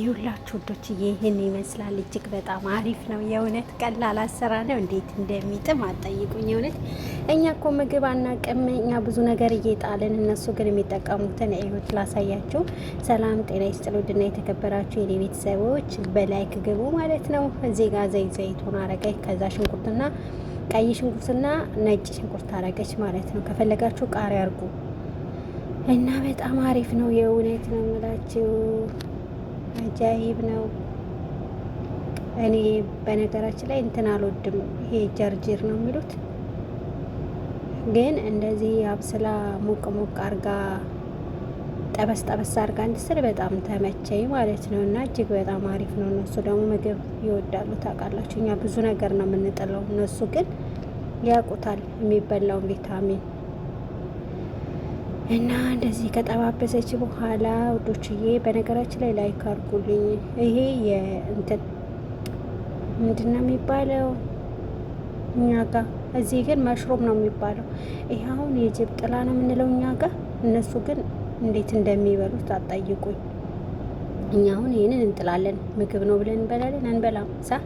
ይሁላችሁ ወዶች ይህን ይመስላል። እጅግ በጣም አሪፍ ነው። የእውነት ቀላል አሰራ ነው። እንዴት እንደሚጥም አጠይቁኝ። የእውነት እኛ እኮ ምግብ አናቅም። እኛ ብዙ ነገር እየጣልን፣ እነሱ ግን የሚጠቀሙትን ይሁት ላሳያችሁ። ሰላም ጤና ይስጥል። ውድና የተከበራችሁ የኔ ቤተሰቦች በላይክ ግቡ ማለት ነው። እዚህ ጋር ዘይት ዘይቱን አረጋይ ከዛ ሽንኩርትና ቀይ ሽንኩርትና ነጭ ሽንኩርት አረገች ማለት ነው። ከፈለጋችሁ ቃሪያ አርጉ እና በጣም አሪፍ ነው። የእውነት ነው ይብ ነው። እኔ በነገራችን ላይ እንትን አልወድም። ይሄ ጀርጅር ነው የሚሉት ግን እንደዚህ አብስላ ሞቅ ሞቅ አርጋ ጠበስ ጠበስ አርጋ እንድስል በጣም ተመቸኝ ማለት ነው። እና እጅግ በጣም አሪፍ ነው። እነሱ ደግሞ ምግብ ይወዳሉ ታውቃላችሁ። እኛ ብዙ ነገር ነው የምንጥለው፣ እነሱ ግን ያውቁታል የሚበላውን ቪታሚን እና እንደዚህ ከጠባበሰች በኋላ ውዶችዬ፣ በነገራችን ላይ ላይክ አድርጉልኝ። ይሄ የእንትን ምንድን ነው የሚባለው እኛ ጋ? እዚህ ግን መሽሮም ነው የሚባለው። ይሄ አሁን የጅብ ጥላ ነው የምንለው እኛ ጋ። እነሱ ግን እንዴት እንደሚበሉት አጠይቁኝ። እኛ አሁን ይህንን እንጥላለን፣ ምግብ ነው ብለን እንበላለን፣ አንበላም ሳ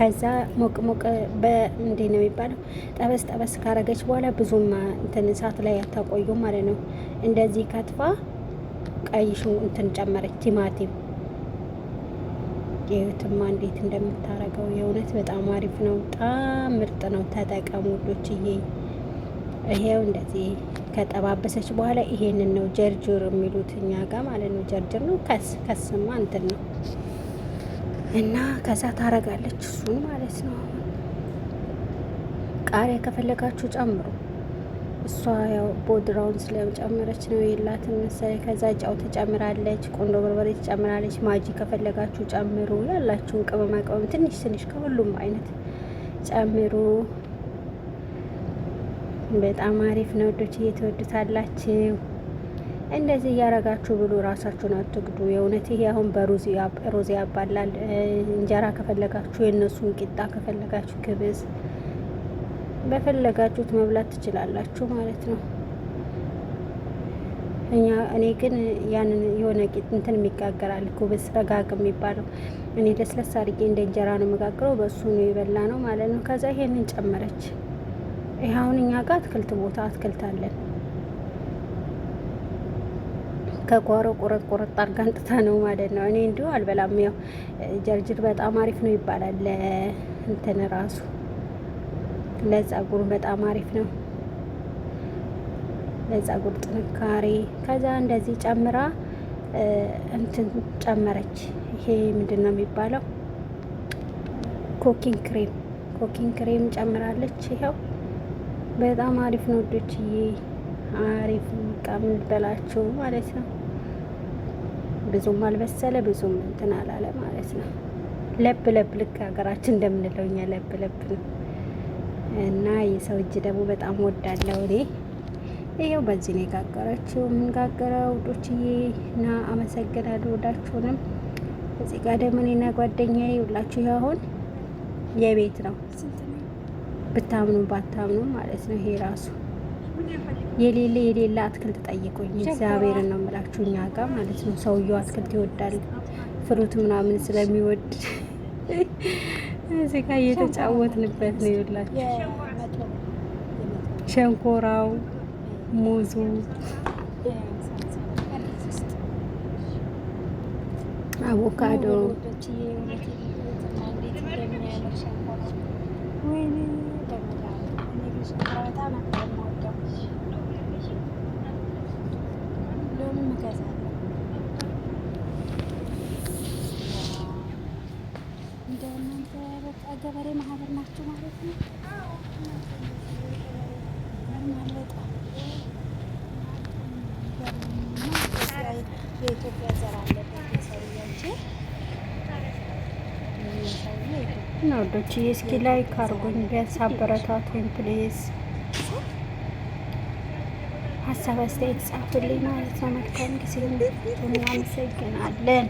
ከዛ ሞቅ ሞቅ በእንዴ ነው የሚባለው ጠበስ ጠበስ ካረገች በኋላ ብዙም እንትን እሳት ላይ አታቆዩ ማለት ነው። እንደዚህ ከትፋ ቀይ እንትን ጨመረች ቲማቲም። የዩትማ እንዴት እንደምታረገው የእውነት በጣም አሪፍ ነው። በጣም ምርጥ ነው። ተጠቀሙ ይሄ ይሄው እንደዚህ ከጠባበሰች በኋላ ይሄንን ነው ጀርጅር የሚሉት እኛ ጋር ማለት ነው። ጀርጅር ነው ከስ ከስማ እንትን ነው እና ከዛ ታረጋለች እሱን ማለት ነው። ቃሪያ ከፈለጋችሁ ጨምሩ። እሷ ያው ቦድራውን ስለጨመረች ነው የላትም መሰለኝ። ከዛ ጫው ትጨምራለች፣ ቆንዶ በርበሬ ትጨምራለች። ማጂ ከፈለጋችሁ ጨምሩ። ያላችሁን ቅመማ ቅመም ትንሽ ትንሽ ከሁሉም አይነት ጨምሩ። በጣም አሪፍ ነው። ወዶች እየተወዱታላችሁ እንደዚህ እያረጋችሁ ብሉ፣ ራሳችሁን አትግዱ። የእውነት ይሄ አሁን በሩዝ ያባላል። እንጀራ ከፈለጋችሁ የእነሱን ቂጣ ከፈለጋችሁ ክብዝ በፈለጋችሁት መብላት ትችላላችሁ ማለት ነው። እኛ እኔ ግን ያንን የሆነ ቂጥ እንትን የሚጋገራል ኩብዝ ረጋግ የሚባለው እኔ ለስለስ አድርጌ እንደ እንጀራ ነው የምጋግረው። በእሱ ነው የበላ ነው ማለት ነው። ከዛ ይሄንን ጨመረች። ይህ አሁን እኛ ጋር አትክልት ቦታ አትክልት አለን ከጓሮ ቁረጥ ቁረጥ አድርጋ አንጥታ ነው ማለት ነው። እኔ እንዲሁ አልበላም። ያው ጀርጅር በጣም አሪፍ ነው ይባላል። ለእንትን ራሱ ለጸጉር በጣም አሪፍ ነው ለጸጉር ጥንካሬ። ከዛ እንደዚህ ጨምራ እንትን ጨመረች። ይሄ ምንድን ነው የሚባለው? ኮኪንግ ክሬም ኮኪንግ ክሬም ጨምራለች። ይኸው በጣም አሪፍ ነው ዶችዬ፣ አሪፍ ቃ ማለት ነው። ብዙም አልበሰለ ብዙም እንትን አላለ ማለት ነው። ለብ ለብ ልክ ሀገራችን እንደምንለው እኛ ለብ ለብ ነው እና የሰው እጅ ደግሞ በጣም ወዳለው እኔ ይኸው በዚህ ነው የጋገረችው የምንጋገረ ውዶችዬ እና አመሰግናለሁ ወዳችሁንም። እዚህ ጋር ደግሞ እኔና ጓደኛዬ ሁላችሁ ያሁን የቤት ነው ብታምኑ ባታምኑ ማለት ነው ይሄ ራሱ የሌለ የሌለ አትክልት ጠይቁኝ። እግዚአብሔር ነው የምላችሁ፣ እኛ ጋር ማለት ነው ሰውየው አትክልት ይወዳል፣ ፍሩት ምናምን ስለሚወድ እዚህ ጋር እየተጫወትንበት ነው። ይወላችሁ ሸንኮራው፣ ሙዙ አቮካዶ ወይኔ እንገዛለን። እንደ እናንተ በቃ ገበሬ ማህበር ናቸው ማለት ነው። የኢትዮጵያ ዘር እስኪ ላይክ አድርጉኝ ቢያንስ አበረታቱኝ ፕሊዝ። ሀሳብ አስተያየት ጻፉልኝ ማለት ነው። መልካም ጊዜ እናመሰግናለን።